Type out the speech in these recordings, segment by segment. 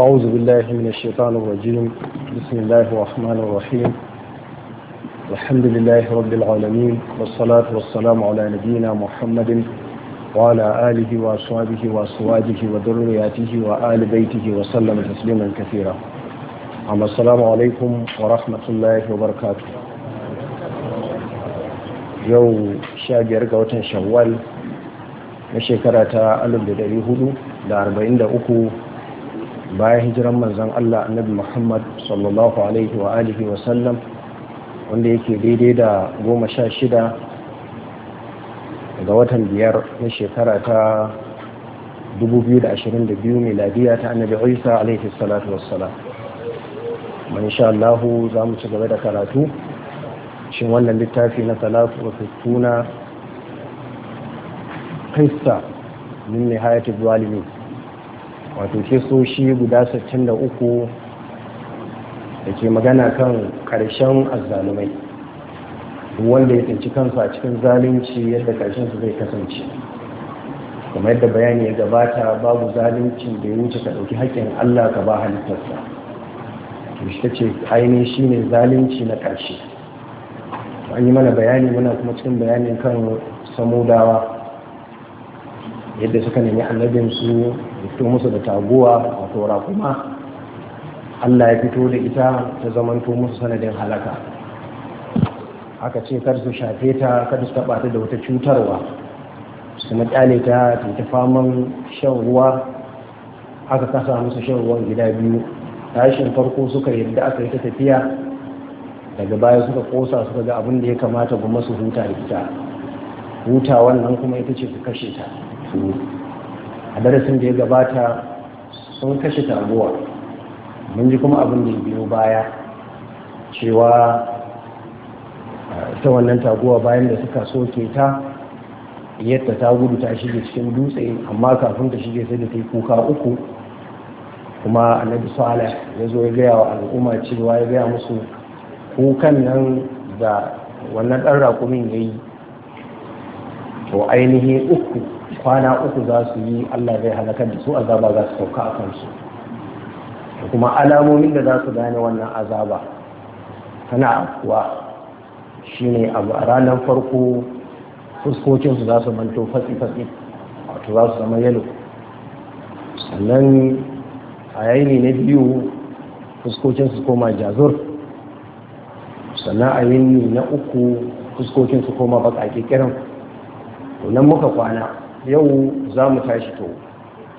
أعوذ بالله من الشيطان الرجيم بسم الله الرحمن الرحيم الحمد لله رب العالمين والصلاة والسلام على نبينا محمد وعلى آله وأصحابه وأزواجه وذرياته وآل بيته وسلم تسليما كثيرا أما السلام عليكم ورحمة الله وبركاته يوم شاجر قوة شوال na shekara ta 1443 bayan hijiran manzan Allah annabi Muhammad sallallahu alaihi wa alihi wa sallam wanda yake daidai da goma sha shida ga watan biyar na shekara ta 2022 miladiya ta annabi Isa alaihi salatu wassalam man insha Allah za mu ci gaba da karatu shin wannan littafi na salatu wa fituna qissa min nihayatul zalimin wato kisoshi guda 63 da ke magana kan karshen azzalumai wanda ya tsinci kansu a cikin zalunci yadda karshen su zai kasance kuma yadda bayani ya gabata babu zalunci da ya wuce ka ɗauki haƙƙin allah ka ba halittarsa to shi ta ce ainihin shi ne zalunci na ƙarshe an yi mana bayani muna kuma cikin bayanin kan samudawa yadda suka nemi annabin su fito musu da taguwa a tora kuma Allah ya fito da ita ta zamanto musu sanadin halaka aka ce kar su shafe ta kar su taba ta da wata cutarwa su na kyale ta ta faman shan ruwa aka kasa musu shan ruwan gida biyu tashin farko suka yadda aka yi ta tafiya daga baya suka kosa suka ga abin da ya kamata kuma su huta da ita huta wannan kuma ita ce su kashe ta musulmi a darasin da ya gabata sun kashe taguwa mun ji kuma abin da biyo baya cewa ta wannan taguwa bayan da suka soke ta yadda ta gudu ta shige cikin dutse amma kafin ta shige sai da ta yi kuka uku kuma annabi salih ya zo ya gaya wa al'umma cewa ya gaya musu kukan nan da wannan ɗan raƙumin ya yi to ainihi uku kwana uku za su yi Allah zai halakar da su azaba za su sauka a kansu kuma alamomin da za su gane wannan azaba tana afuwa shine abu a ranar farko fuskokinsu za su manto fatsi-fatsi wato za su zama yalo sannan a yayi na biyu fuskokinsu koma jazur sannan a yini na uku fuskokinsu koma baƙaƙe kiran nan muka kwana yau za mu tashi to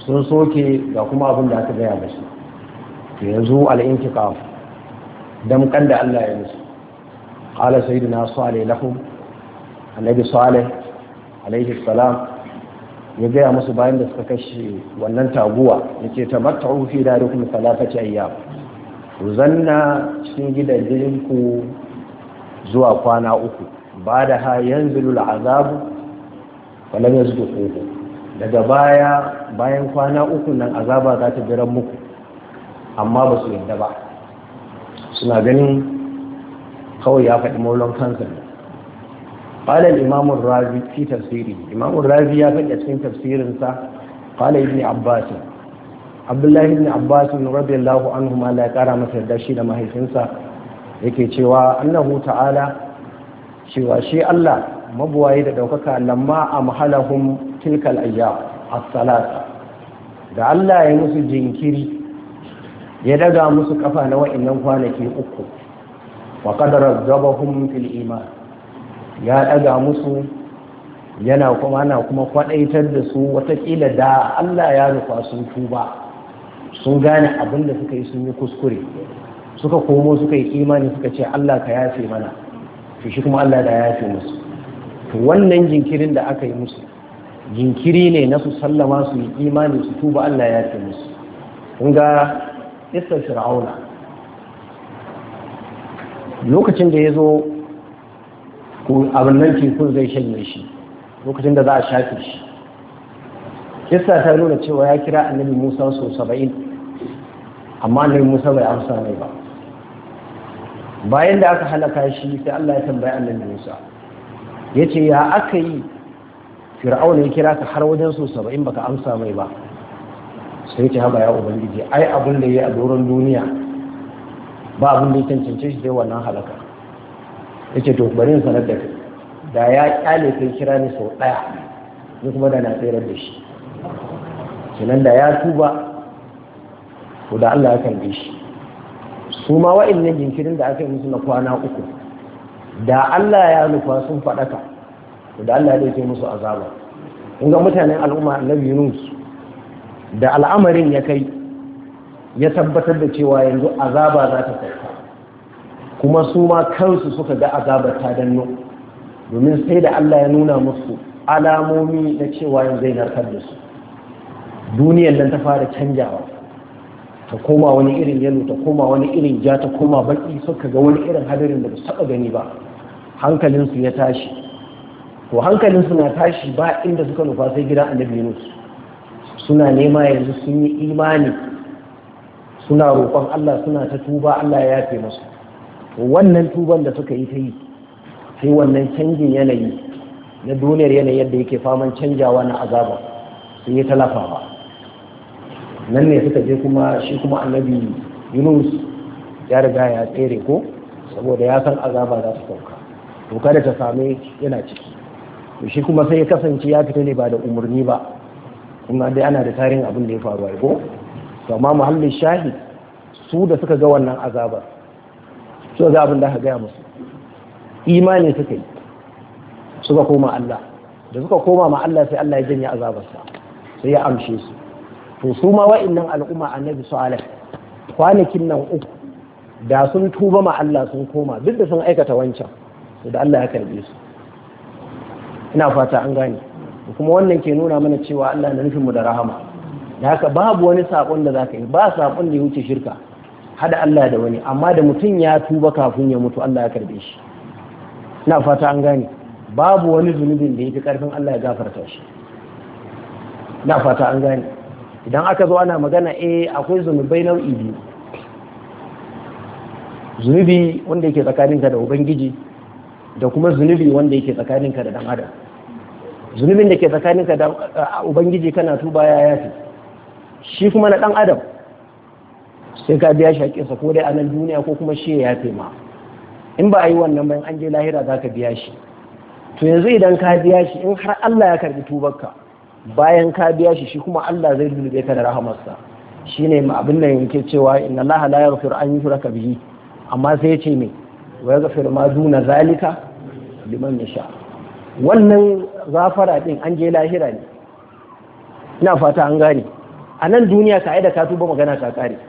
sun soke ga kuma abin da aka gaya musu to yanzu al'intikaf damkan da Allah ya musu qala sayyidina salih lahum annabi salih alaihi salam ya gaya musu bayan da suka kashe wannan taguwa yake tamatta'u fi darikum thalathati ayyam ku zanna cikin gidajenku zuwa kwana uku ba da ha yanzu azabu falam yasu kuku daga baya bayan kwana uku nan azaba za ta jira muku amma ba su yadda ba suna ganin kawai ya faɗi maulon kansa ne ƙwale imamun razi fi tafsiri imamun razi ya faɗi cikin tafsirinsa ƙwale yi ne abdullahi ne abbasin rabin lahu anhu huma la ya kara masa yadda shi da mahaifinsa yake cewa an na hu ta'ala cewa shi Allah mabuwaye da ɗaukaka lamma a mahalahun tilkal ayya a salata da Allah ya musu jinkiri ya daga musu kafa na wa'annan kwanaki uku wa qadara zabahum fil iman ya daga musu yana kuma ana kuma kwadaitar da su watakila da Allah ya rufa sun tuba sun gane abin da suka yi sun yi kuskure suka komo suka yi imani suka ce Allah ka yafe mana to shi kuma Allah da ya yafe musu wannan jinkirin da aka yi musu jinkiri ne na su sallama su yi imani su tuba Allah ya ce musu kun ga isar fir'auna lokacin da ya zo abin nan tekun zai shanye shi lokacin da za a shafe shi isar ta nuna cewa ya kira annabi musa sau saba'in amma annabi musa bai amsa mai ba bayan da aka halaka shi sai allah ya tambayi annabi musa ya ce ya aka yi fir'auna ya kira ka har wajen su saba'in baka amsa mai ba sai ce haba ya ubangiji ai abin da ya yi a doron duniya ba abin da ya cancance shi zai wannan halaka ya ce to bari sanar da da ya kyale kai kira ni sau ɗaya ni kuma da na tsere da shi kenan da ya tuba ko da Allah ya kalbe shi su ma wa'in nan jinkirin da aka yi musu na kwana uku da Allah ya nufa sun faɗaka da Allah ya ɗauke musu azaba in ga mutanen al'umma annabi Yunus da al'amarin ya kai ya tabbatar da cewa yanzu azaba za ta sauka kuma su ma kansu suka ga azaba ta danno domin sai da Allah ya nuna musu alamomi na cewa yanzu zai narkar da su duniyar nan ta fara canjawa ta koma wani irin yalo ta koma wani irin ja ta koma baki suka ga wani irin hadarin da ba taba gani ba hankalinsu ya tashi to hankalinsu na tashi ba inda suka nufa sai gidan annabi Yunus suna nema yanzu sun yi imani suna roƙon Allah suna ta tuba Allah ya yafe musu wannan tuban da suka yi ta yi sai wannan canjin yanayi na duniyar yanayi yadda yake faman canjawa na azaba sai ya talafa ba nan ne suka je kuma shi kuma annabi yunus ya riga ya tsere ko saboda ya san azaba za su sauka to kada ta same yana ciki to shi kuma sai ya kasance ya fita ne ba da umarni ba kuma dai ana da tarihin abin da ya faru ko to amma muhallin shahi su da suka ga wannan azaba su ga abin da aka gaya musu imani suka yi suka koma Allah da suka koma ma Allah sai Allah ya janye azabarsa sai ya amshe su to su ma wa'annan al'umma annabi salih kwanakin nan uku da sun tuba ma Allah sun koma duk da sun aikata wancan to da Allah ya karbe su ina fata an gane kuma wannan ke nuna mana cewa Allah na nufin mu da rahama da haka babu wani sakon da zaka yi ba sakon da ya wuce shirka hada Allah da wani amma da mutum ya tuba kafin ya mutu Allah ya karbe shi ina fata an gane babu wani zunubin da ya fi karfin Allah ya gafarta shi ina fata an gane idan aka zo ana magana a eh, akwai zunubai nau'i biyu zunubi wanda yake tsakaninka da ubangiji da kuma zunubi wanda yake tsakaninka da dan adam zunubin da ke tsakaninka da ubangiji kana tuba ya yafi shi kuma na dan adam sai ka biya shi shaƙinsa ko dai a nan duniya ko kuma shi ya yafe ma in ba a yi wannan bayan an je lahira za ka biya shi to yanzu idan ka biya shi in har Allah ya karbi tubarka bayan ka biya shi shi kuma Allah zai dubbe ka da rahamarsa shine abin da yake cewa inna Allah la yaghfiru an yushraka bihi amma sai ya ce me wa yaghfiru ma duna zalika liman yasha wannan gafara din an je lahira ne ina fata an gane a nan duniya ka da ka tuba magana ka kare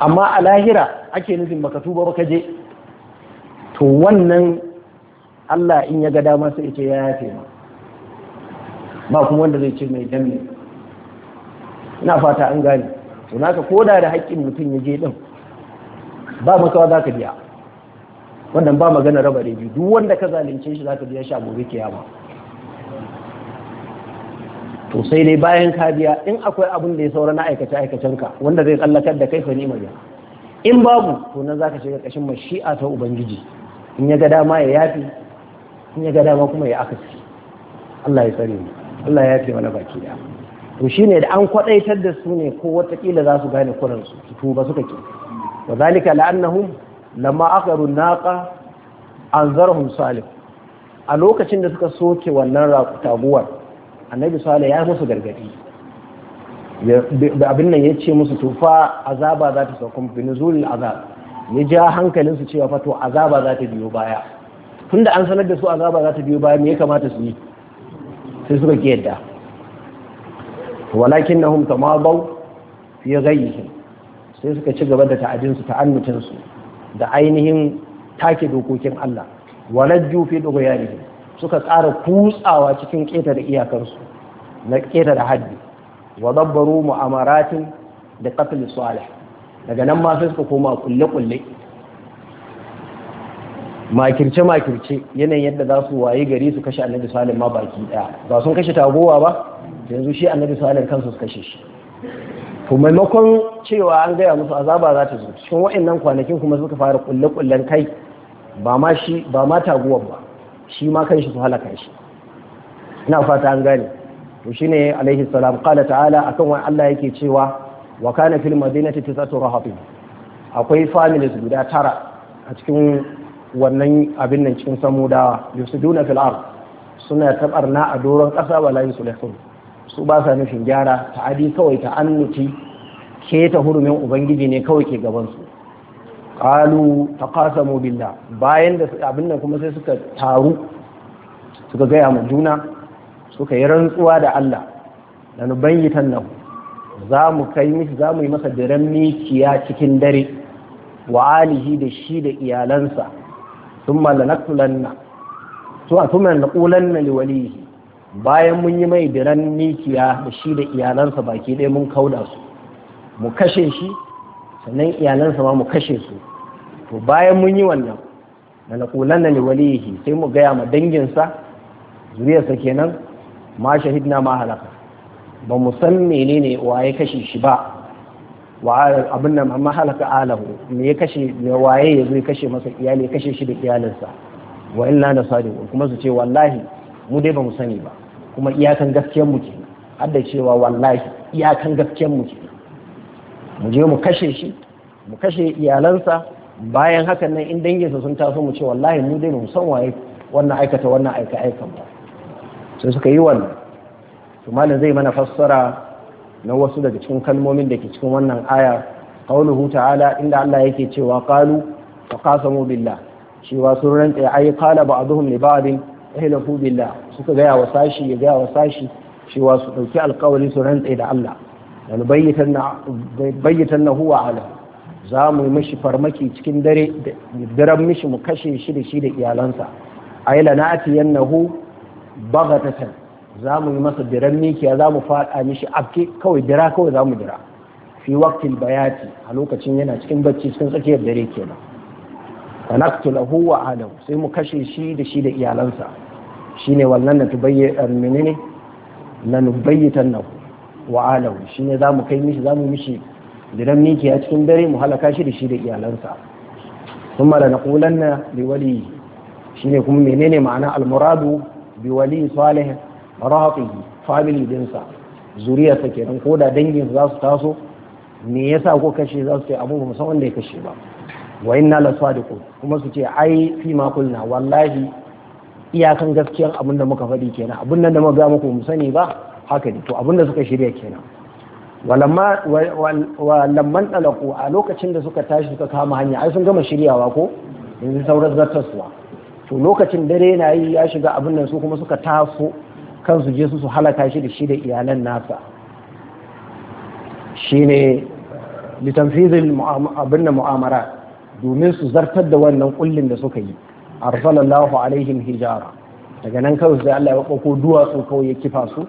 amma a lahira ake nufin baka tuba baka je to wannan Allah in ya ga dama sai ya ce ya yafe ma ba kuma wanda zai ce mai danne ina fata an gane to naka koda da haƙƙin mutum ya je din ba makawa za ka biya wannan ba magana raba da biyu duk wanda ka zalunce shi za ka biya shi a gobe kiyama to sai dai bayan ka biya in akwai abin da ya saura na aikace ka wanda zai tsallakar da kai fa nima ya in babu to nan zaka shiga kashin mashi'a ta ubangiji in ya ga dama ya yafi in ya ga dama kuma ya akasi Allah ya tsare mu Allah ya ce mana baki da to shine da an kwadaitar da su ne ko watakila za su gane kuransu, su su ba suka ke wa zalika la'annahum lamma aqaru naqa anzarhum salih a lokacin da suka soke wannan taguwar annabi salih ya musu gargadi da abin nan ya ce musu tufa azaba za ta sauka bi nuzulil azab ya ja hankalinsu cewa fa to azaba za ta biyo baya tunda an sanar da su azaba za ta biyo baya me ya kamata su yi sai suka ki yadda walakin na humta ma bau fiye gayyihim sai suka ci gaba da ta'adinsu ta'annutinsu da ainihin take dokokin Allah walajju fi dughyanihim suka tsara kutsawa cikin keta da iyakarsu na keta da haddi wa dabbaru mu'amaratin da qatl salih daga nan ma sai suka koma kulle kulle makirce makirce yanayin yadda za su waye gari su kashe annabi salim ma baki daya ba sun kashe tagowa ba yanzu shi annabi salim kansu su kashe shi to maimakon cewa an gaya musu azaba za ta zo cikin wa'annan kwanakin kuma suka fara kulle kullen kai ba ma shi ba ma taguwan ba shi ma kan shi su halaka shi ina fata an gane to shine alaihi salam qala ta'ala akan wa Allah yake cewa wa kana fil madinati tisatu rahabin akwai families guda tara a cikin wannan abin nan cikin samudawa yusuduna fil ard suna tabarna a doron ƙasa wala yusulihun su ba sa nufin gyara ta adi kawai ta ta'annuti ke ta hurumin ubangiji ne kawai ke gabansu? su qalu taqasamu billah bayan da abin nan kuma sai suka taru suka gaya ma juna suka yi rantsuwa da Allah lanubayyitan nan za mu kai miki za mu yi masa diran mikiya cikin dare wa alihi da shi da iyalansa thumma lanaqtulanna to thumma laqulanna liwalihi bayan mun yi mai diran mikiya da shi da iyalansa baki ɗaya mun kauda su mu kashe shi sannan iyalansa ma mu kashe su to bayan mun yi wannan na da na liwalihi sai mu gaya ma danginsa zuriyarsa kenan ma na ma halaka ba mu san menene wa ya kashe shi ba wa abin nan amma halaka alahu me ya kashe ya waye ya zo kashe masa iyali ya kashe shi da iyalinsa wa inna na sadiqun kuma su ce wallahi mu dai ba mu sani ba kuma iyakan gaskiyar mu ke har da cewa wallahi iyakan gaskiyar mu ke mu je mu kashe shi mu kashe iyalansa bayan hakan nan in danginsa sun taso mu ce wallahi mu dai ba mu san waye wannan aikata wannan aika aikan ba sai suka yi wannan Su malam zai mana fassara na wasu daga cikin kalmomin da ke cikin wannan aya qauluhu ta'ala inda Allah yake cewa qalu wa qasamu billah cewa sun rantsa ai qala ba'dhum li ba'din ihlafu billah suka gaya wa sashi ya gaya wa sashi cewa su dauki alkawari su rantsa da Allah wal bayyatan huwa ala za mu yi mishi farmaki cikin dare daren mishi mu kashe shi da shi da iyalansa aila na atiyannahu bagatatan za mu yi masa diran mikiya za mu faɗa mishi abke kawai dira kawai za mu dira fi waktin bayati a lokacin yana cikin bacci cikin tsakiyar dare kenan fa naqtulahu wa alahu sai mu kashe shi da shi da iyalansa shine wannan na tubayya er, menene na nubayyitan nahu wa alahu shine za mu kai mishi za mu mishi diran mikiya cikin dare mu halaka shi da shi da iyalansa da ثم لنقولن wali shine kuma menene ma'ana al-muradu bi wali salih rahafihi family dinsa zuriyarsa kenan ko da dangin za su taso me yasa ko kashe za su ce abu ba san wanda ya kashe ba wa inna la sadiqu kuma su ce ai fi ma kulna wallahi iyakan gaskiyar abinda muka faɗi kenan abin nan da muka ga muku mu sani ba haka ne to abinda suka shirya kenan walamma walamman talaku a lokacin da suka tashi suka kama hanya ai sun gama shiryawa ko yanzu sauran zartaswa to lokacin dare na yi ya shiga abin nan su kuma suka taso Kansu su je su su halaka shi da shi da iyalan nasa shi ne litanfizil abin da mu'amara domin su zartar da wannan kullin da suka yi arsalallahu alaihim hijara daga nan kawai sai Allah ya bako duwatsu kawai ya kifa su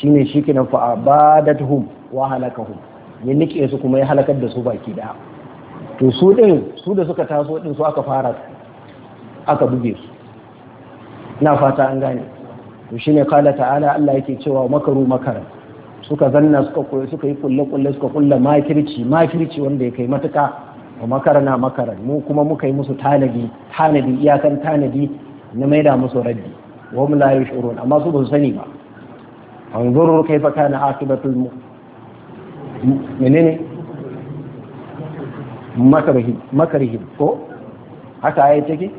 shine ba fa abadatuhum wa halakahum ya nike su kuma ya halakar da su baki daya to su din su da suka taso din su aka fara aka buge su na fata an gane to ne kala ta'ala Allah yake cewa makaru makara suka zanna suka koyi suka yi kulle kulle suka kulle makirci makirci wanda ya kai matuka wa makarana makaran mu kuma muka yi musu tanadi tanadi iyakan tanadi na maida musu raddi wa mu la yashurun amma su ba su sani ba anzuru kaifa kana akibatul menene makarhi makarhi ko haka ayi take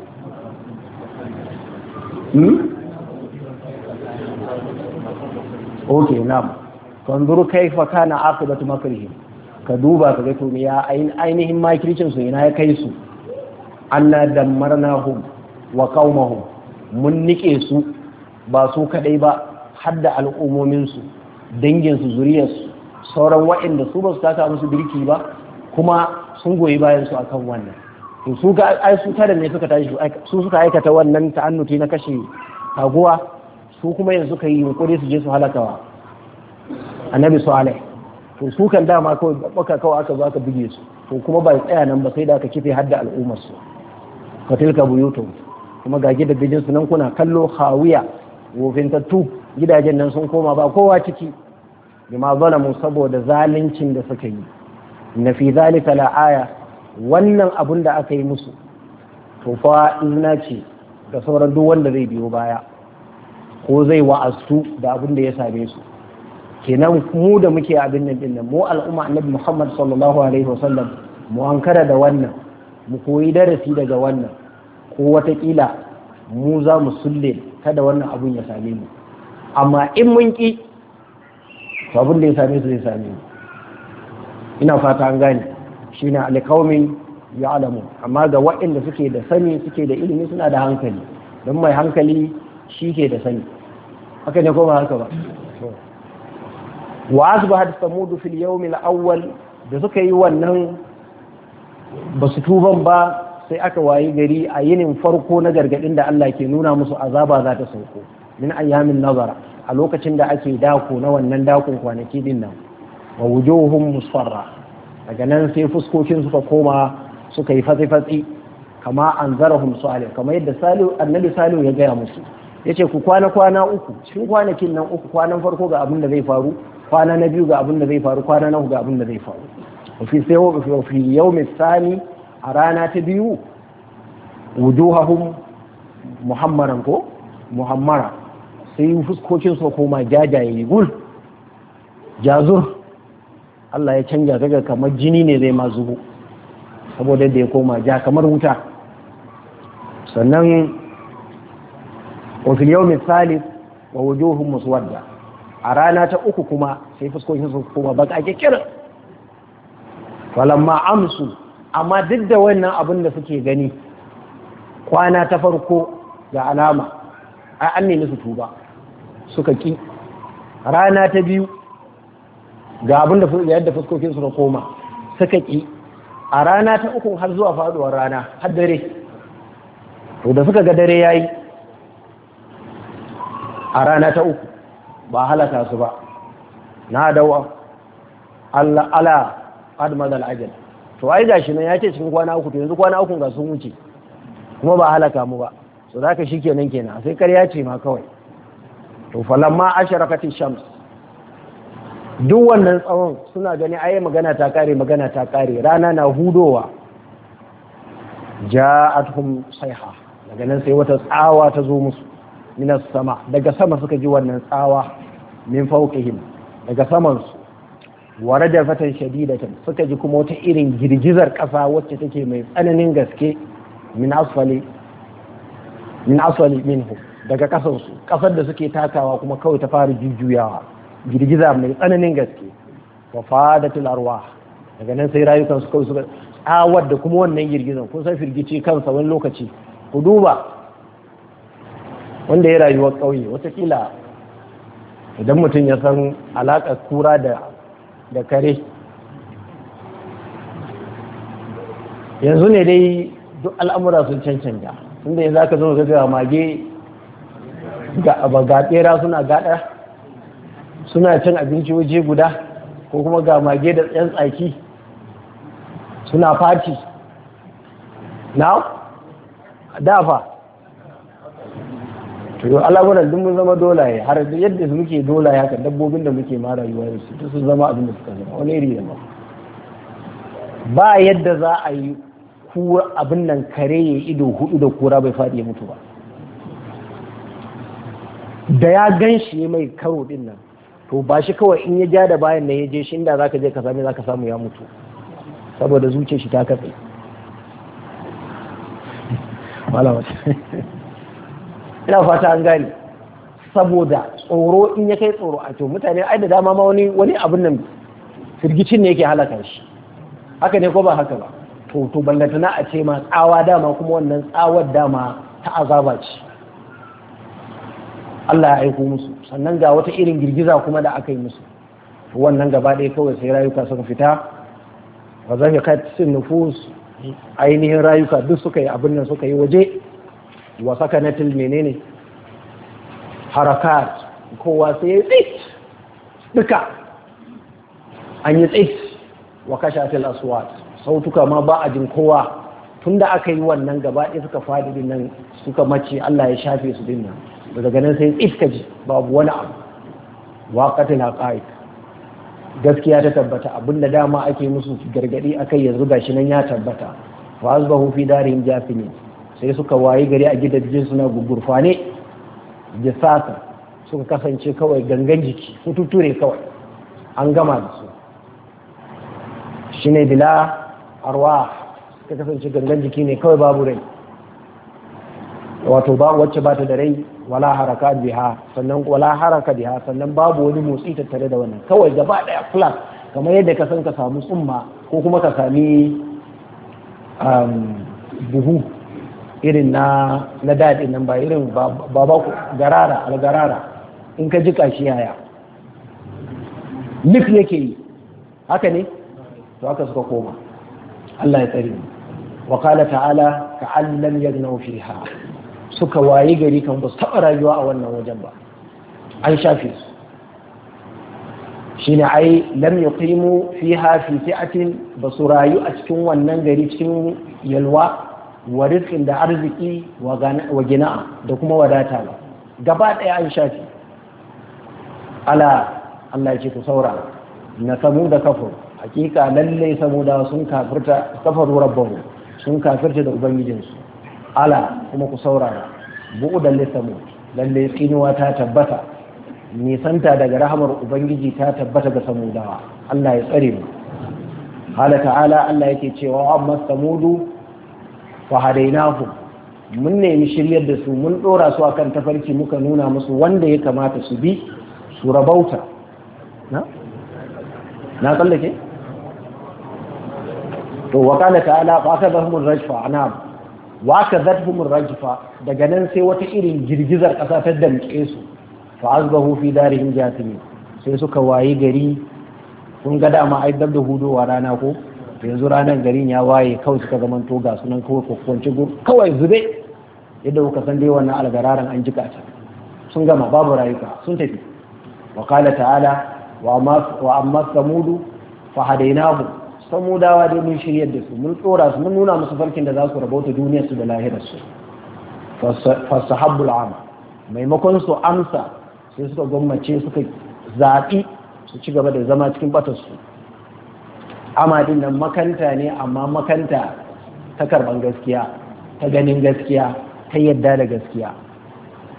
hmm? ok na'am fanzuru kaifa kana aqibatu makrihi ka duba ka ga to ya ainihin makircin su ina ya kai su anna damarnahum wa qaumahum mun nike su ba su kadai ba hadda al'ummomin su dangin su zuriyar su sauran waɗanda su ba su taka musu birki ba kuma sun goyi bayan su akan wannan to su ga ai su tare ne suka tashi su suka aikata wannan ta'annuti na kashe taguwa su kuma yanzu ka yi yunkuri su je su halakawa annabi salih to su kan dama kawai baka kawai aka zo aka buge su to kuma ba tsaya nan ba sai da aka kife hadda al'ummar su ka tilka buyutu kuma ga bijin su nan kuna kallo hawiya wofintattu gidajen nan sun koma ba kowa ciki bima zalamu saboda zaluncin da suka yi na fi zalika la aya wannan abun da aka yi musu to fa ce ga sauran duk wanda zai biyo baya ko zai wa'astu da abin da ya same su kenan mu da muke abin nan din mu al'umma annabi Muhammad sallallahu alaihi wasallam mu ankara da wannan mu koyi darasi daga wannan ko watakila mu za mu sulle kada wannan abun ya same mu amma in mun ki abin da ya same su zai same mu ina fata an gane shine alqaumin ya'lamu amma ga waɗanda suke da sani suke da ilimi suna da hankali don mai hankali shi ke da sani haka ne kuma haka ba wa asbahat samudu fil yawm al awwal da suka yi wannan ba su tuban ba sai aka wayi gari a yinin farko na gargadin da Allah ke nuna musu azaba za ta sauko min ayyamin nazara a lokacin da ake dako na wannan dakon kwanaki din nan wa wujuhum musfarra daga nan sai fuskokin suka koma suka yi fatsi-fatsi kama an zarahum salih kama yadda annabi salihu ya gaya musu ya ce ku kwana kwana uku cikin kwanakin nan uku kwanan farko ga abin da zai faru kwana na biyu ga abin da zai faru kwana na uku ga abin da zai faru wafi sai wafi yau sani a rana ta biyu wuduhahum muhammaran ko muhammara sai fuskokin su koma jajaye gul jazur Allah ya canja daga kamar jini ne zai ma zubo saboda da ya koma ja kamar wuta sannan wa fil yawmi thalith wa wujuhum muswadda a rana ta uku kuma sai fuskokin su kuma baka kikirin walamma amsu amma duk da wannan abin da suke gani kwana ta farko ga alama ai an nemi su tuba suka ki rana ta biyu ga abin da yadda fuskokin su koma suka ki a rana ta uku har zuwa faduwar rana har dare to da suka ga dare yayi a rana ta uku ba halata su ba na dawa Allah ala admad al-ajal to ai gashi nan yace cikin kwana uku to yanzu kwana uku ga sun wuce kuma ba halaka mu ba so zaka shikenan kenan sai ya ce ma kawai to falamma asharakat shams duk wannan tsawon suna gani ai magana ta kare magana ta kare rana na hudowa ja'atuhum sayha daga nan sai wata tsawa ta zo musu minas sama daga sama suka ji wannan tsawa min fawqihim daga samansu wa rajafatan shadidatan suka ji kuma wata irin girgizar ƙasa wacce take mai tsananin gaske min asfali min minhu daga ƙasansu ƙasar da suke takawa kuma kawai ta fara jujjuyawa girgiza mai tsananin gaske wa fadatul arwah daga nan sai rayukan su kawai suka tsawar da kuma wannan girgizan kun san firgici kansa wani lokaci ku duba wanda ya rayuwar ƙauye watakila idan mutum ya san alaƙar kura da kare yanzu ne dai duk al'amura sun cancanta inda ya za ka zama ga mage ga tsera suna gada suna cin abinci waje guda ko kuma ga mage da yan tsaki suna fati na dafa to al'amuran duk mun zama dolaye har yadda muke dolaye haka dabbobin da muke mara rayuwa da su sun zama abin da suka zama wani iri da ba ba yadda za a yi ku abin nan kare ya ido hudu da kura bai faɗi ya mutu ba da ya gan shi mai karo din nan to ba shi kawai in ya ja da bayan nan ya je shi inda zaka je ka same zaka samu ya mutu saboda zuciyar shi ta katse malama ina fata an gane saboda tsoro in ya kai tsoro a to mutane ai da dama ma wani wani abin nan firgicin ne yake halaka shi haka ne ko ba haka ba to to ballantana a ce ma tsawa dama kuma wannan tsawar dama ta azaba ce Allah ya aiko musu sannan ga wata irin girgiza kuma da aka yi musu wannan gaba ɗaya kawai sai rayuka suka fita wa zahiqat sin nufus ainihin rayuka duk suka yi abin nan suka yi waje wa sakanatil menene harakat kowa sai tsi, tsit duka an yi tsit wa kashatil aswat sautuka ma ba a jin kowa tunda aka yi wannan gaba ɗaya suka faɗi din nan suka mace Allah ya shafe su din nan daga nan sai tsit ka ji babu wani abu katila haqaiq gaskiya ta tabbata da dama ake musu gargadi akai yanzu gashi nan ya tabbata fa azbahu fi darihim jafimin sai suka wayi gari a gidajen suna gugurfane sasa suka kasance kawai gangan jiki fututure kawai an gama da su shine bila arwa suka kasance gangan jiki ne kawai babu rai wato babu wacce ba ta da rai wala haraka biha sannan wala haraka biha sannan babu wani motsi tattare da wannan kawai gaba daya flat kamar yadda ka san ka samu tsumma ko kuma ka sami um, buhu irin na na daɗin nan ba irin ba ba garara algarara in ka jika shi yaya lif yake yi haka ne to haka suka koma Allah ya tsare mu wa qala ta'ala ka'allam yagnaw fiha suka waye gari kan ba su taɓa rayuwa a wannan wajen ba an shafe su shine ai lam yuqimu fiha fi fi'atin ba rayu a cikin wannan gari cikin yalwa wa rizqin da arziki wa gina da kuma wadata ba gaba ɗaya an shafi ala Allah ku saura na samu da kafur hakika lalle saboda sun kafirta kafaru rabbahu sun kafirta da ubangijinsu ala kuma ku saurara bu'udan lissamu lalle tsinuwa ta tabbata nisanta daga rahamar ubangiji ta tabbata ga samudawa Allah ya tsare mu hala ta'ala Allah yake cewa amma samudu wa hadainahu mun nemi shiryar da su mun dora su akan tafarki muka nuna musu wanda ya kamata su bi su rabauta na na tsallake to wa kana ala fa kadahum ar-rajfa ana wa kadahum ar-rajfa daga nan sai wata irin girgizar kasa ta damke su fa azbahu fi darihim jatimi sai suka wayi gari kun ga dama ai da hudowa rana ko yanzu ranar garin ya waye kawai suka zama to ga sunan kawai kwakwanci kawai zube yadda kuka san dai wannan algararan an jika ta sun gama babu rayuka sun tafi wa kala ta'ala wa amma samudu fa hadainahu samudawa dai mun shiryar da su mun tsora su mun nuna musu farkin da za su rabauta duniyar su da lahirar su maimakon su amsa sai suka gwammace suka zaɓi su ci gaba da zama cikin batarsu amadin nan makanta ne amma makanta ta karban gaskiya ta ganin gaskiya ta yadda da gaskiya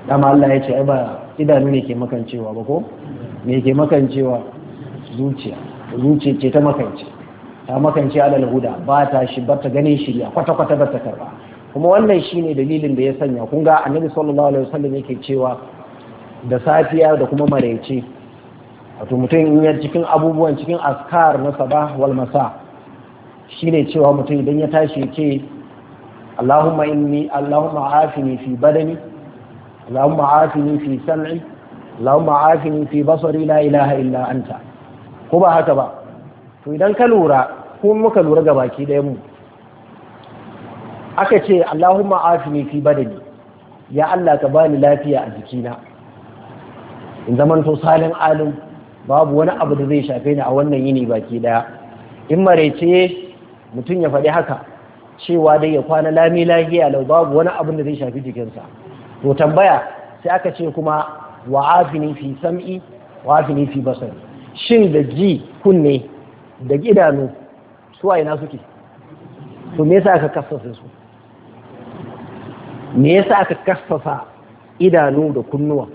dama Allah ya ce ai ba idanu ne ke makancewa ba ko me ke makancewa zuciya zuciya ce ta makance ta makance alal huda ba ta shi ba ta ganin shirya kwata kwata ba ta karba kuma wannan shine dalilin da ya sanya kun ga annabi sallallahu alaihi wasallam yake cewa da safiya da kuma maraice wato mutum in yi cikin abubuwan cikin askar na sabah wal masa ne cewa mutum idan ya tashi ce Allahumma inni Allahumma afini fi badani Allahumma afini fi sam'i Allahumma afini fi basari la ilaha illa anta ko ba haka ba to idan ka lura ko muka lura ga baki ɗayan mu aka ce Allahumma afini fi badani ya Allah ka bani lafiya a jikina in zamanto salin alim babu wani abu da zai shafe ni a wannan yini baki daya in maraice mutum ya faɗi haka cewa dai ya kwana lami lahiya lau babu wani abu da zai shafi jikinsa to tambaya sai aka ce kuma wa afini fi sam'i wa afini fi basari shin da ji kunne da idanu su a ina suke to me yasa aka kassasa su me yasa aka kassasa idanu da kunnuwa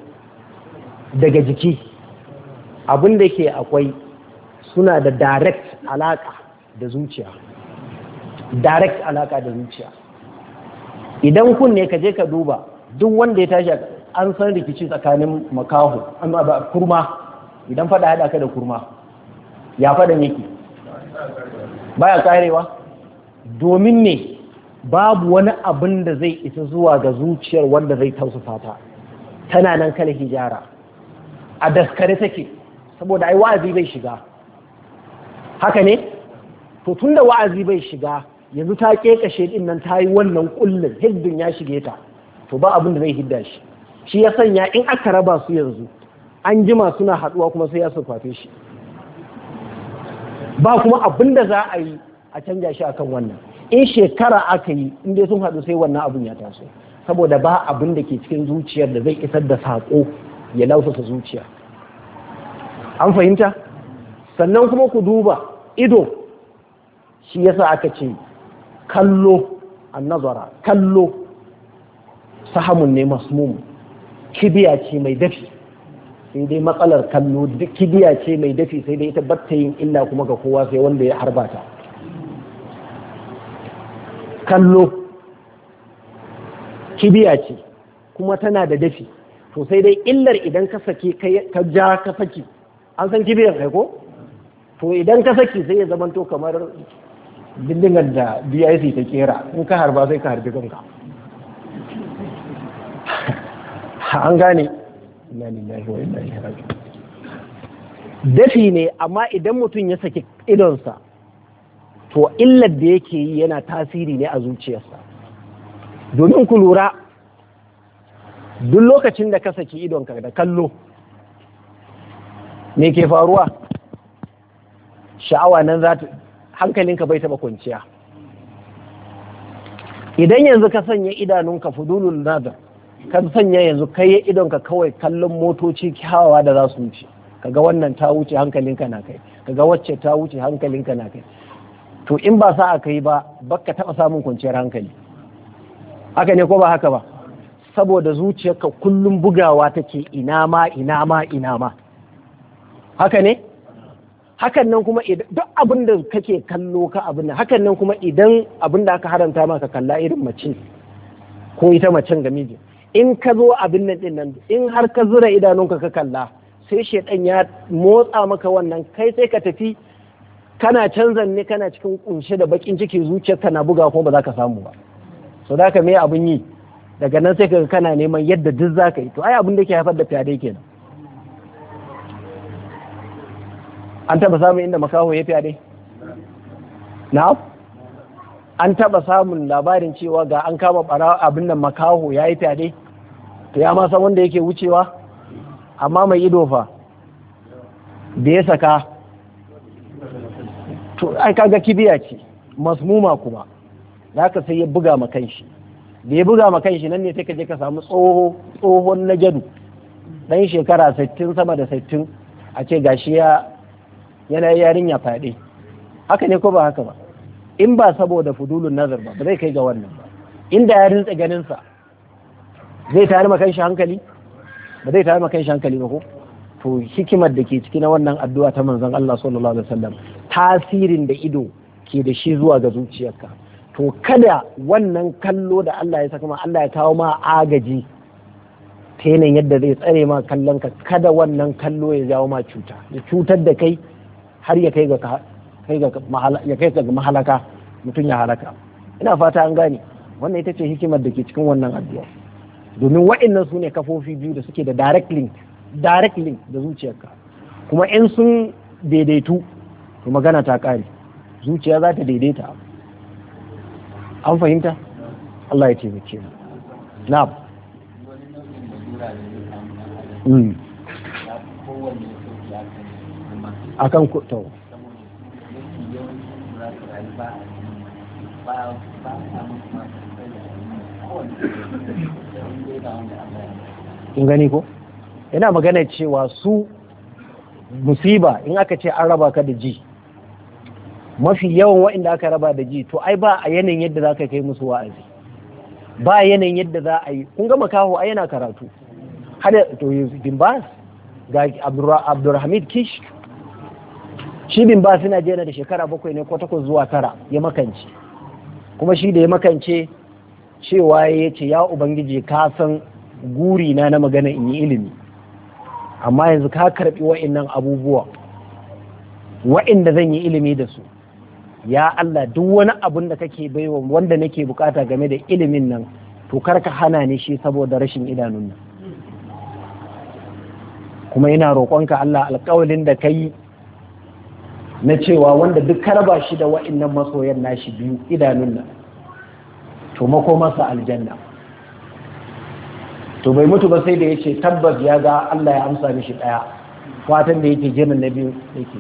daga jiki abin da ke akwai suna da direct alaka da zuciya direct alaka da zuciya idan kun ne ka je ka duba duk wanda ya tashi an san rikici tsakanin makaho amma ba kurma idan fada hada ka da kurma ya fadan yake baya karewa domin ne babu wani abin da zai isa zuwa ga zuciyar wanda zai tausufa ta tana nan kala hijara a daskare take saboda ai wa'azi bai shiga haka ne to tunda wa'azi bai shiga yanzu ta kekashe din nan ta yi wannan kullun hiddin ya shige ta to ba abin da zai hidda shi shi ya sanya in aka raba su yanzu an jima suna haduwa kuma sai ya surfafe shi ba kuma abin da za a yi a canja shi akan wannan in shekara aka yi in dai sun haɗu sai wannan abin ya taso saboda ba abin da ke cikin zuciyar da zai isar da saƙo ya lausasa zuciya an fahimta sannan kuma ku duba ido shi yasa aka ce kallo nazara kallo sahamun ne masmum kibiya ce mai dafi sai dai matsalar kallo duk kibiya ce mai dafi sai dai ita batta yin illa kuma ga kowa sai wanda ya harba ta kallo kibiya ce kuma tana da dafi sosai dai illar idan ka sake ka ja ka saki an san kibiyar kai ko to idan ka saki sai ya zamanto kamar bindigar da BIC ta kera in ka harba sai ka harbi kanka an gane dafi ne amma idan mutum ya saki idonsa to illar da yake yi yana tasiri ne a zuciyarsa domin ku lura duk lokacin da ka saki idonka da kallo me ke faruwa sha'awa nan za ta hankalinka bai taɓa kwanciya idan yanzu ka sanya idanunka fudulun ka sanya yanzu kai ya idonka kawai kallon motoci kyawawa da za su wuce kaga wannan ta wuce hankalinka na kai kaga wacce ta wuce hankalinka na kai to in ba sa'a kai ba baka taɓa samun kwanciyar hankali haka ne ko ba haka ba saboda zuciyarka kullum bugawa take ina ma ina ma ina ma haka ne hakan nan kuma idan duk abin da kake kallo ka abin nan hakan nan kuma idan abin da aka haramta maka kalla irin mace ko ita mace ga miji in ka zo abin nan din nan in har ka zura idanunka ka kalla sai shedan ya motsa maka wannan kai sai ka tafi kana canza ne kana cikin kunshe da bakin ciki zuciyarka na buga ko ba za ka samu ba so da ka me abin yi daga nan sai ka kana neman yadda duk za ka yi to ai abin da ke haifar da fyaɗe kenan an taba samun inda makaho ya fyaɗe na an taba samun labarin cewa ga an kama bara abin da makaho ya yi fyaɗe to ya ma wanda yake wucewa amma mai ido fa da ya saka to ai kaga kibiya ce masmuma kuma zaka sai ya buga ma kanshi da ya buga ma kanshi nan ne sai ka je ka samu tsoho tsohon najadu dan shekara 60 sama da 60 a ce gashi ya yana yarinya fyaɗe haka ne ko ba haka ba in ba saboda fudulun nazar ba zai kai ga wannan ba inda ya rintsa ganinsa zai tare makan shi hankali ba zai tare makan shi hankali ba ko to hikimar da ke ciki na wannan addu'a ta manzon Allah sallallahu alaihi wasallam tasirin da ido ke da shi zuwa ga zuciyarka to kada wannan kallo da Allah ya saka ma Allah ya kawo ma agaji ta yanayin yadda zai tsare ma kallon ka kada wannan kallo ya jawo ma cuta ya cutar da kai har ya kai ga ya kai ga mahalaka mutum ya halaka ina fata an gane wannan ita ce hikimar da ke cikin wannan addu'a domin wa'annan su ne kafofi biyu da suke da direct link direct link da zuciyarka kuma in sun daidaitu to magana ta kare zuciya za ta daidaita an fahimta Allah ya taimake mu na'am hmm. akan kuto in gani ko yana magana cewa su musiba in aka ce an raba ka da ji mafi yawan waɗanda aka raba da ji to ai ba a yanayin yadda za ka kai musu wa'azi ba yanayin yadda za a yi kun gama kawo a yana karatu hada to bin ba ga abdurrahamid kish cibin ba suna jera da shekara bakwai ne ko takwas zuwa tara ya makance kuma shi da ya makance cewa ya ce ya ubangiji ka san guri na na magana in yi ilimi amma yanzu ka karbi wa'annan abubuwa wa'anda zan yi ilimi da su ya Allah duk wani abun da kake baiwa wanda nake bukata game da ilimin nan to kar ka hana ni shi saboda rashin idanun nan kuma ina roƙonka Allah alƙawalin da ka yi na cewa wanda duk karba shi da wa'annan masoyan nashi biyu idanun nan to mako masa aljanna to bai mutu ba sai da yace tabbas ya ga Allah ya amsa mishi daya fatan da yake jinin na biyu yake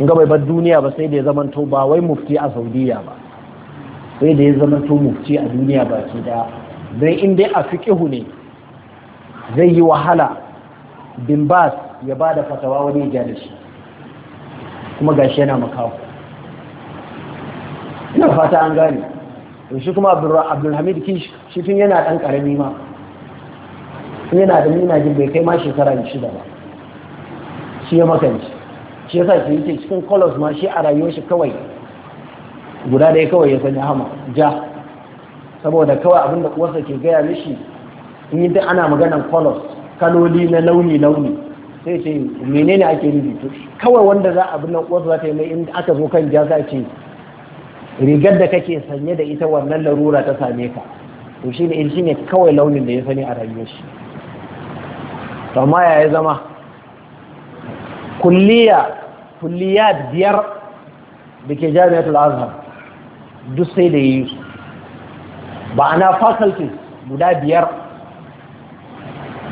in ga bai bar duniya ba sai da ya zama to ba wai mufti a Saudiya ba sai da ya zama to mufti a duniya ba ke da dai in dai a fiqihu ne zai yi wahala bin bas ya bada fatawa wani ya da shi kuma gashi yana makawo ina fata an gane shi kuma abdulhamid kish shi tun yana ɗan ƙarami ma yana da nuna jin bai kai ma shekara shida ba shi ya makanci shi ya sa shi yake cikin kolos ma shi a rayuwar shi kawai guda ɗaya kawai ya sanya hama ja saboda kawai abinda uwarsa ke gaya mishi in yi ana maganan kolos kaloli na launi-launi sai ce menene ake nufi kawai wanda za a bi nan uwarsa za ta yi mai in aka zo kan ja za ce rigar da kake sanye da ita wannan larura ta same ka to ne in shine kawai launin da ya sani a rayuwar shi to amma ya zama kulliya kulliya biyar da ke jami'atul azhar duk sai da yi ba ana faculties guda biyar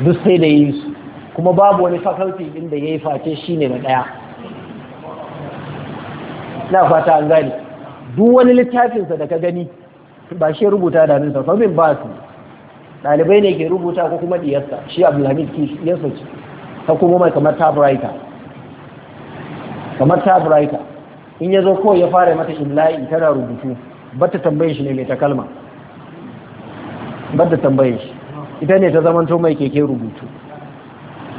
duk sai da yi su kuma babu wani faculty inda ya yi face shi ne na ɗaya na fata an gani duk wani littafinsa da ka gani ba shi rubuta da hannunsa sabin ba su ɗalibai ne ke rubuta ko kuma ɗiyarsa shi abdulhamid ki ɗiyarsa ce ta kuma mai kamar typewriter kamar typewriter in ya zo kawai ya fara mata imla'i tana rubutu bata tambaye shi ne mai takalma. kalma bata tambaye shi ita ne ta zamanto mai keke rubutu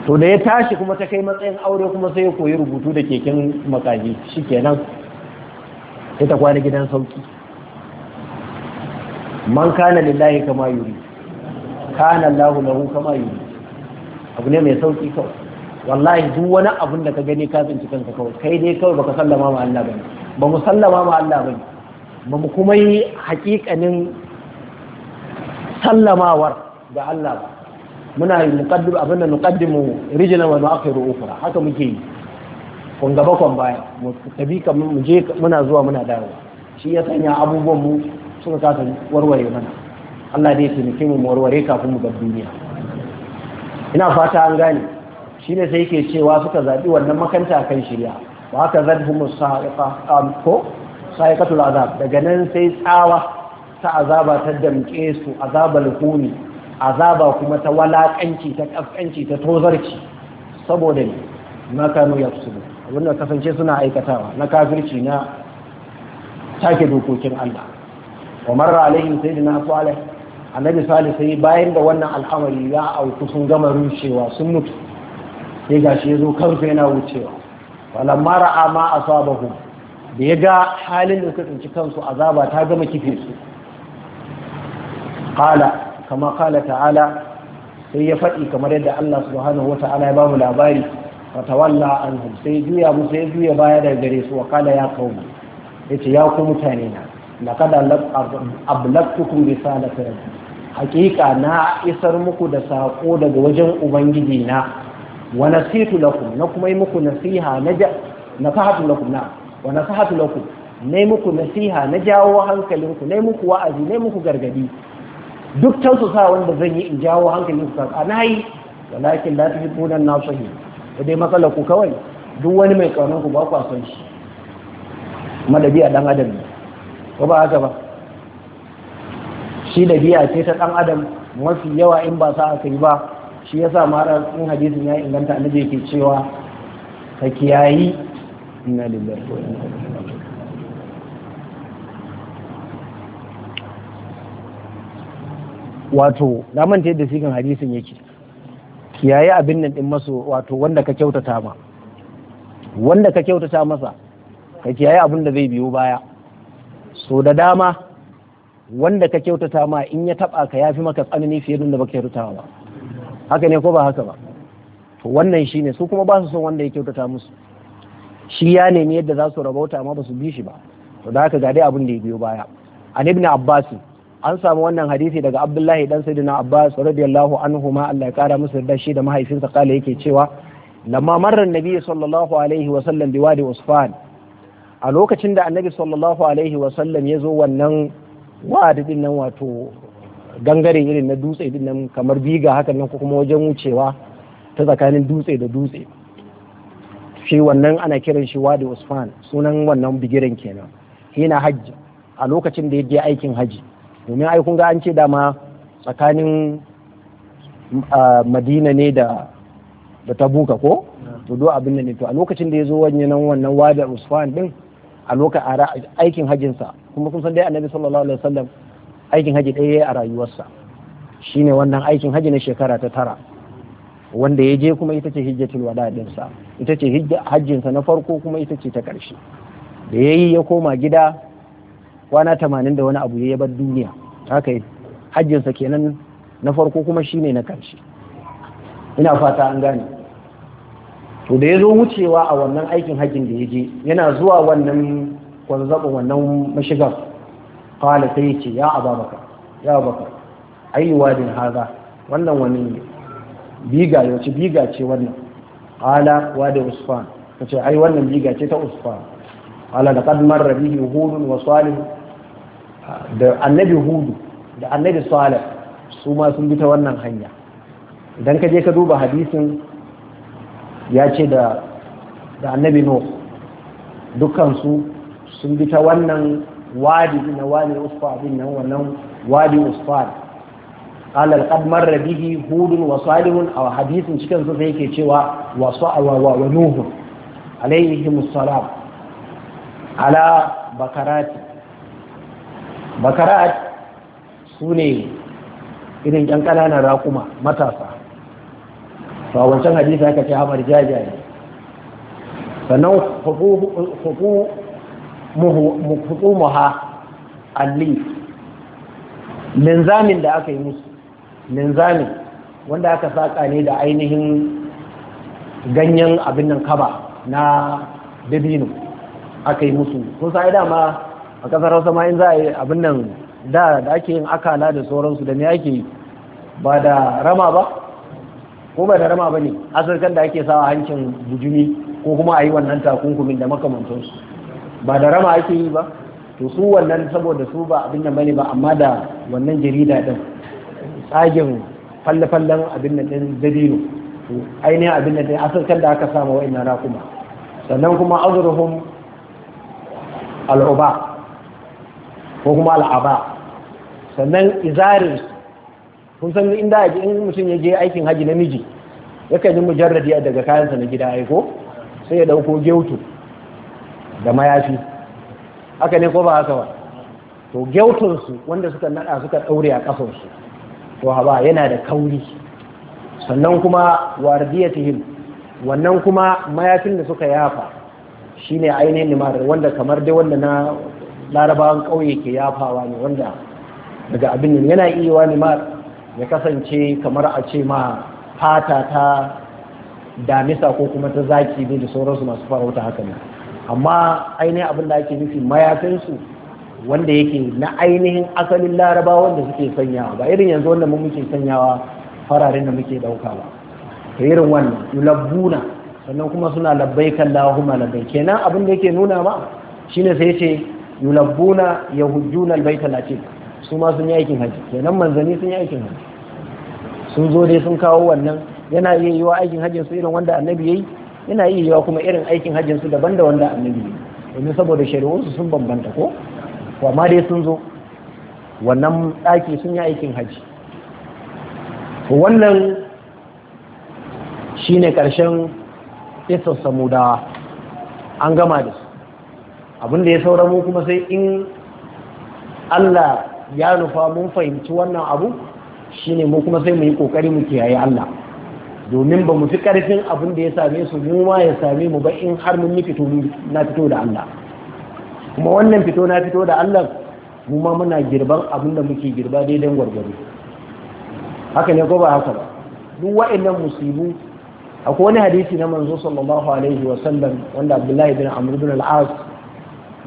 to da ya tashi kuma ta kai matsayin aure kuma sai ya koyi rubutu da keken makaji shikenan sai ta kwana gidan sauki man kana lillahi kama yuri kana lahu lahu kama yuri abu ne mai sauki kawai wallahi duk wani abun da ka gani ka tsinci kanka kawai kai dai kawai baka sallama ma Allah bane ba mu sallama ma Allah bane ba mu kuma yi hakikanin sallamawar da Allah ba muna yi muqaddim abin da nuqaddimu rijlan wa nu'akhiru ukhra haka muke yi kun gaba kun baya mu tabi ka mu muna zuwa muna dawo shi ya sanya abubuwan mu suka kasa warware mana Allah dai ya taimake mu warware kafin mu ga duniya ina fata an gane shine sai yake cewa suka zaɓi wannan makanta kan shirya wa haka zadhum sa'iqa ko sa'iqatul azab daga nan sai tsawa ta azaba ta damke su azabal huni azaba kuma ta walakanci ta kaskanci ta tozarci saboda ne kano ya su wannan kasance suna aikatawa na kafirci na take dokokin Allah wa marra alaihim sayyidina salih annabi salih sai bayan da wannan al'amari ya auku sun gama rushewa sun mutu sai gashi yazo kansa yana wucewa walamma ra'a ma asabahu da ya ga halin da suka tsinci kansu azaba ta gama kife su qala kama kala ta'ala sai ya faɗi kamar yadda Allah subhanahu wa ta'ala ya bamu labari wa tawalla an sai juya musu sai juya baya da gare su wa kala ya Ya ce ya ku mutane na laqad ablaqtukum risalati rabbi hakika na isar muku da sako daga wajen ubangiji na wa nasitu lakum na kuma yi muku nasiha na fahatu lakum na wa nasahatu lakum muku nasiha na jawo hankalinku nai muku wa'azi ne muku gargadi duk tausasa wanda zan yi in jawo hankali su a na yi walakin la tafi bunan na sahi da dai matsala ku kawai duk wani mai kaunar ku ba ku san shi madabi a dan adam ko ba haka ba shi da biya ce ta dan adam mafi yawa in ba sa aka yi ba shi ya sa mara in hadisin ya inganta annabi yake cewa ka kiyayi inna lillahi wa inna ilaihi raji'un wato na manta yadda sigan hadisin yake kiyaye abin nan din maso wato wanda ka kyautata ma wanda ka kyautata masa ka kiyaye abin da zai biyo baya so da dama wanda ka kyautata ma in ya taba ka yafi maka tsanani fiye da baka kyautata ba haka ne ko ba haka ba to wannan shine su kuma ba su son wanda ya kyautata musu shi ya nemi yadda za su rabauta amma ba su bi shi ba to da haka ga dai abin da ya biyo baya an ibn abbasin an samu wannan hadisi daga abdullahi dan sayyidina abbas radiyallahu anhu ma Allah ya kara musu da shi da mahaifinsa kala yake cewa lamma marra annabi sallallahu alaihi wa sallam biwadi usfan a lokacin da annabi sallallahu alaihi wa sallam ya zo wannan wadi din nan wato gangare irin na dutse din nan kamar biga hakan nan ko kuma wajen wucewa ta tsakanin dutse da dutse shi wannan ana kiran shi wadi usfan sunan wannan bigiren kenan hina hajji a lokacin da ya je aikin hajji. domin ai kun ga an ce dama tsakanin madina ne da da tabuka ko to do abin da ne to a lokacin da ya zo wani nan wannan wada usfan din a lokacin aikin sa kuma kun san dai annabi sallallahu alaihi wasallam aikin haji ɗaya a rayuwarsa shine wannan aikin haji na shekara ta tara wanda ya je kuma ita ce hijjatul wada sa ita ce sa na farko kuma ita ce ta ƙarshe da ya yi ya koma gida kwana tamanin da wani abu ya bar duniya haka hajjinsa kenan na farko kuma shi ne na ƙarshe ina fata an gane to da ya zo wucewa a wannan aikin hajjin da ya je yana zuwa wannan kwanzaɓa wannan mashigar kawai sai ya ce ya ababaka ya ababaka ayi wadin haza wannan wani biga ya ce biga ce wannan ala wadin usfan ka ce ai wannan biga ce ta usfan ala da kadmar rabihi hudun wasu alin. da annabi hudu da annabi salih su ma sun bi ta wannan hanya idan ka je ka duba hadisin ya ce da annabi nuh dukansu sun bi ta wannan wadi na wadi usfa din nan wannan wadi usfa قال لقد مر به هود وصالح او حديث cikin su sai yake cewa wa sa'awa wa nuh alaihim ala bakarati bakara'at su ne irin yan ƙananan raƙuma matasa ba wancan hadisa aka ce hamar jajaye sannan ha alli linzamin da aka yi musu linzamin wanda aka saƙa ne da ainihin ganyen abin nan kaba na dabino aka yi musu kun dama a kasar hausa ma in za a yi abin nan da da ake yin akala da sauransu da ne ake yi ba da rama ba ko ba da rama ba ne asirkan da ake sawa hancin bujumi ko kuma a yi wannan takunkumin da makamantansu ba da rama ake yi ba to su wannan saboda su ba abin nan bane ba amma da wannan jarida din tsagin falle-fallen abin nan din dabino to ainihin abin nan din asirkan da aka sama na rakuma sannan kuma azurhum al'uba ko kuma al'aba sannan izarin kun san inda a in mutum ya je aikin haji namiji yakan yi mujarradi daga kayansa na gida aiko sai ya dauko gyautu da mayafi haka ne ko ba haka ba to su wanda suka nada suka daure a kafarsu to haba yana da kauri sannan kuma wardiyatihim wannan kuma mayafin da suka yafa shine ainihin limar wanda kamar dai wanda na larabawan ƙauye ke yafawa ne wanda daga abin nan yana iya wani ma ya kasance kamar a ce ma fata ta damisa ko kuma ta zaki ne da sauransu masu farauta haka ne amma ainihin abin da ake nufi mayafinsu wanda yake na ainihin asalin larabawa wanda suke sanyawa ba irin yanzu wanda mun muke sanyawa fararen da muke ɗauka ba ta irin wannan yulabbuna sannan kuma suna labbaika lahuma labbai kenan abin da yake nuna ba shine sai ce yulabbuna yahujjuna albayta lati su ma sun yi aikin haji kenan manzani sun yi aikin haji sun zo dai sun kawo wannan yana iya yiwa aikin hajjin su irin wanda annabi yayi yana iya yiwa kuma irin aikin hajjin su daban da wanda annabi yayi domin saboda shari'un su sun bambanta ko to amma dai sun zo wannan daki sun yi aikin haji wannan shine karshen isar samudawa an gama da su abin da ya saura mu kuma sai in Allah ya nufa mun fahimci wannan abu shine mu kuma sai mu yi kokari mu kiyaye Allah domin ba mu fi karfin abin da ya same su mu ma ya same mu ba in har mun yi fito na fito da Allah kuma wannan fito na fito da Allah mu ma muna girban abin da muke girba daidai gwargwaro haka ne ko ba haka ba duk wa'annan musibu akwai wani hadisi na manzo sallallahu alaihi wa sallam wanda Abdullahi bin Amr bin al-As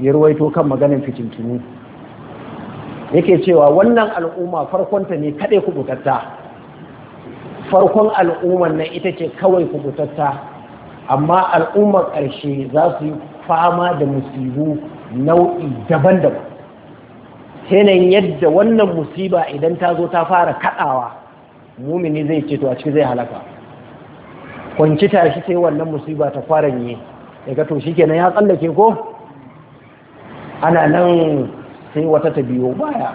ya ruwaito kan maganin fitintini yake cewa wannan al'umma farkonta ne kaɗai kubutatta farkon al'umman na ita ce kawai kubutatta amma al'ummar ƙarshe za su yi fama da musibu nau'i daban-daban yanayin yadda wannan musiba idan ta zo ta fara kaɗawa mumini zai ce to a ciki zai halaka kwanci tashi sai wannan musiba ta fara yi daga to kenan ya tsallake ko ana nan sai wata ta biyo baya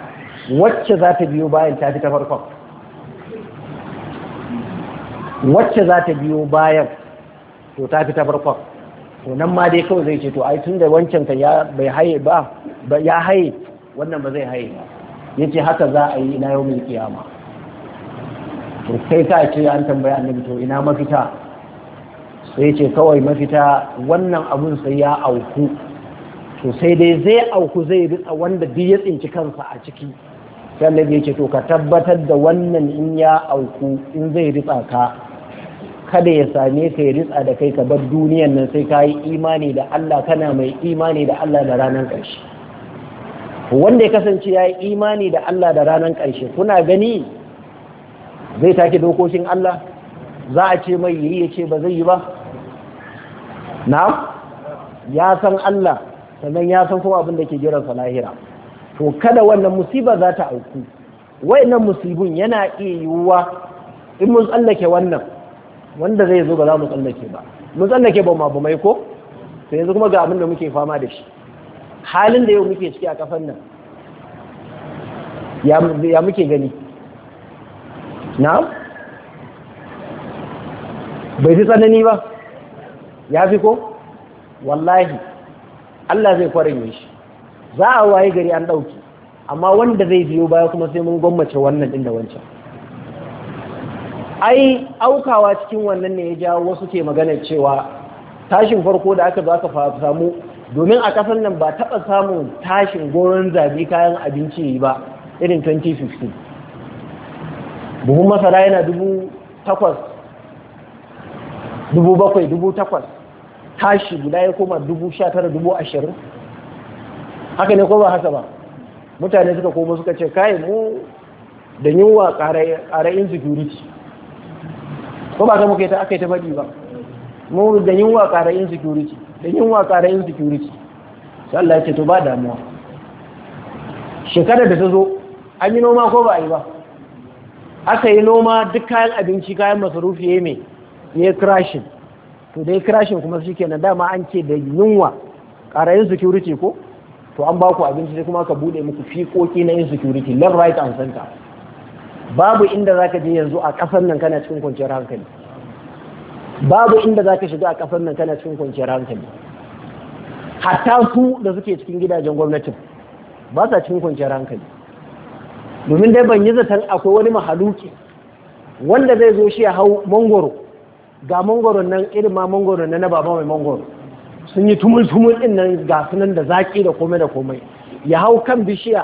wacce za ta biyo bayan ta fi ta farkon wacce za ta biyo bayan to ta fi ta farkon to nan ma dai kawai zai ce to ai tun da wancan kan ya bai haye ba ya haye wannan ba zai haye ba yace haka za a yi ina yau mai kiyama to kai ka ce an tambaya annabi to ina mafita sai ce kawai mafita wannan abun sai ya auku to sai dai zai auku zai ritsa wanda duk ya tsinci kansa a ciki sai da ce to ka tabbatar da wannan in ya auku in zai ritsa ka kada ya same ka ya ritsa da kai ka bar duniyan nan sai ka yi imani da Allah kana mai imani da Allah da ranar ƙarshe wanda ya kasance ya yi imani da Allah da ranar ƙarshe kuna gani zai take dokokin Allah za a ce mai yi ya ce ba zai yi ba na ya san Allah sannan ya san kuma abin da ke sa lahira to kada wannan musiba za ta auku nan musibun yana iya yiwuwa in mun tsallake wannan wanda zai zo ba za mu tsallake ba mun tsallake ba ma ba mai ko to yanzu kuma ga abin da muke fama da shi halin da yau muke ciki a kafan nan ya muke gani na bai fi tsanani ba ya fi ko wallahi Allah zai yi shi za a waye gari an ɗauki amma wanda zai biyo baya kuma sai mun gwammace wannan ɗin da wancan ai aukawa cikin wannan ne ya jawo wasu ke magana cewa tashin farko da aka zaka fa samu domin a ƙasar nan ba taɓa samun tashin goron zabi kayan abinci ba irin 2015 buhun masara yana dubu takwas dubu bakwai dubu takwas tashi guda ya koma dubu sha tara dubu ashirin haka ne ko ba haka ba mutane suka koma suka ce kai mu da yunwa ƙara insecurity ko ba ta muka yi ta aka yi ta faɗi ba mu da yunwa ƙara insecurity da yunwa ƙara insecurity sai Allah ya ce to ba damuwa shekarar da ta zo an yi noma ko ba a yi ba aka yi noma duk kayan abinci kayan masarufi ya yi mai ya yi crashing to dai kirashin kuma shi kenan dama an ce da yunwa ƙara yin security ko to an ba ku abinci sai kuma ka bude muku fiƙoƙi na yin security left right and center babu inda za ka je yanzu a ƙasar nan kana cikin kwanciyar hankali babu inda za ka shiga a ƙasar nan kana cikin kwanciyar hankali hatta su da suke cikin gidajen gwamnatin ba sa cikin kwanciyar hankali domin dai ban yi zaton akwai wani mahaluki wanda zai zo shi ya hau mangoro ga mangoron nan irin ma mangoron nan na baba mai mangoro sun yi tumul-tumul din nan ga sunan da zaki da komai da komai ya hau kan bishiya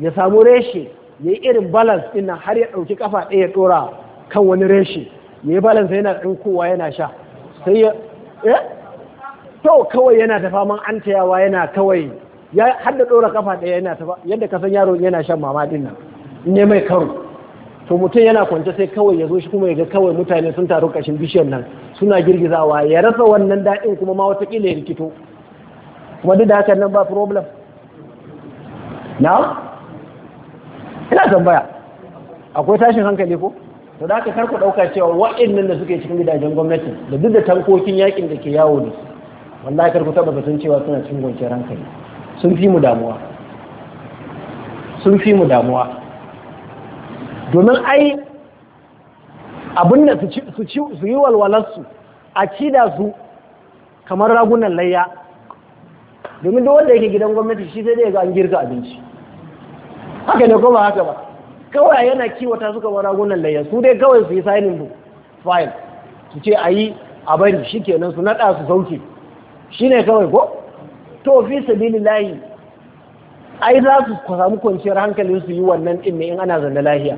ya samu reshe ya yi irin balance din nan har ya ɗauki kafa ɗaya ya ɗora kan wani reshe ya yi balance yana kowa yana sha sai ya eh to kawai yana tafa man an tayawa yana kawai ya har da ɗora kafa ɗaya yana tafa yadda ka san yaro yana shan mama din nan ne mai karo to mutum yana kwance sai kawai ya zo shi kuma ya ga kawai mutane sun taru kashin bishiyar nan suna girgizawa ya rasa wannan daɗin kuma ma watakila ya rikito kuma duk da hakan nan ba problem na ina tambaya akwai tashin hankali ko to da aka karku ɗauka cewa wa'annan da suke cikin gidajen gwamnati da duk da tankokin yakin da ke yawo ne wallahi karku taɓa batun cewa suna cin kwanciyar hankali sun fi mu damuwa sun fi mu damuwa domin ai abin da su yi walwalarsu a da su kamar ragunan layya domin da wanda yake gidan gwamnati shi sai dai ga an girka abinci haka ne kuma haka ba kawai yana kiwata su kamar ragunan layya su dai kawai su yi sainin bu fayil, su ce a yi a bari shi kenan su naɗa su sauke shi ne kawai ko to fi sabili layi ai za su samu kwanciyar hankalin su yi wannan ɗin ne in ana zanda lahiya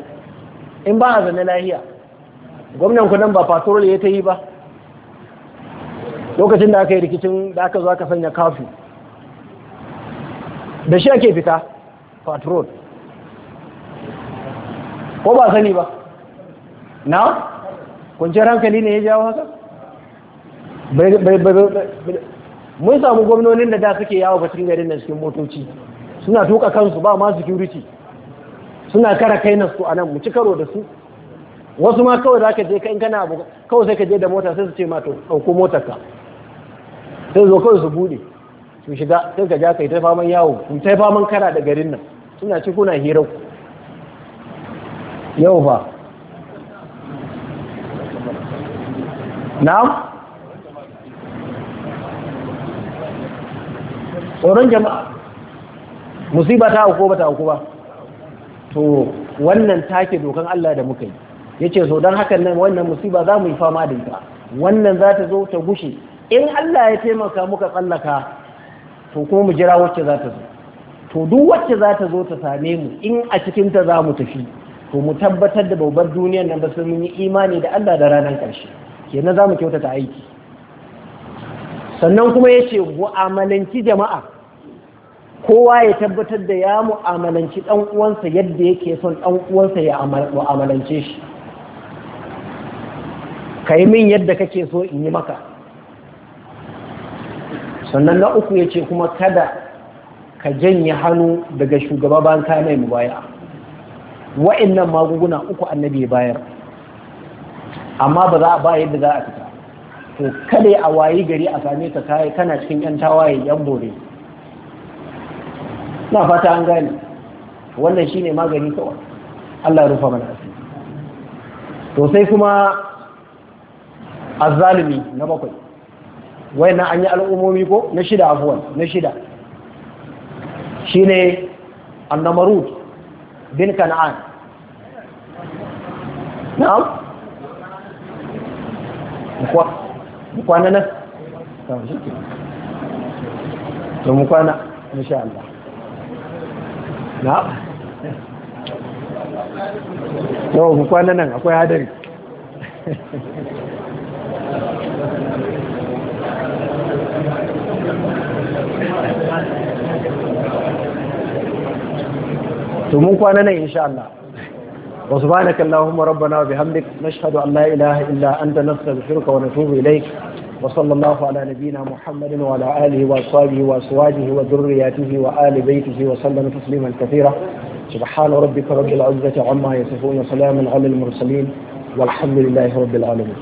in ba a zane lahiya gwamnan kudin ba fatorol ya ta yi ba lokacin da aka yi rikicin da aka zo aka sanya kafi da shi ake fita fatorol ko ba sani ba na kunci hankali ne ya jawo haka mun samu gwamnonin da da suke yawo ba cikin garin da cikin motoci suna tuka kansu ba ma security suna kara kai na su nan mu ci karo da su wasu ma kawai za ka je ka in kana abu kawai sai ka je da mota sai su ce ma to ɗauko motar ka sai zo kawai su buɗe su shiga sai ka ja kai ta faman yawo ku ta faman kara da garin nan suna ci kuna hira ku yau fa na'am tsoron jama'a musiba ta hauko ba ta hauko ba to wannan take dokan Allah da muka yi yace so dan hakan nan wannan musiba za mu yi fama da ita wannan za ta zo ta gushe in Allah ya taimaka muka tsallaka to kuma mu jira wacce za ta zo to duk wacce za ta zo ta same mu in a cikin ta za mu tafi to mu tabbatar da babbar duniyar nan ba mun yi imani da Allah da ranar karshe kenan za mu kyautata aiki sannan kuma yace amalanci jama'a kowa ya tabbatar da ya mu'amalanci ɗan uwansa yadda yake son ɗan uwansa ya mu'amalance shi ka yi min yadda kake so in yi maka sannan na uku ya ce kuma kada ka janye hannu daga shugaba bayan ka mai mubaya wa'annan magunguna uku annabi bayar amma ba za a ba yadda za a fita to kada a wayi gari a same ka kana cikin yan tawaye yan bore na fata an gane wannan shine magani kawai Allah ya rufa mana asiri to sai kuma azalimi na bakwai wayannan an yi al'ummomi ko na shida afuwan na shida shine annamaru, bin kan'an na'am kwana na to mu kwana insha Allah na yau mu kwana nan akwai hadari to mun kwana nan insha Allah wa subhanaka allahumma rabbana wa bihamdik nashhadu an la ilaha illa anta nastaghfiruka wa natubu ilayk وصلى الله على نبينا محمد وعلى آله وأصحابه وأزواجه وذرياته وآل بيته وسلم تسليما كثيرا سبحان ربك رب العزة عما يصفون وسلام على المرسلين والحمد لله رب العالمين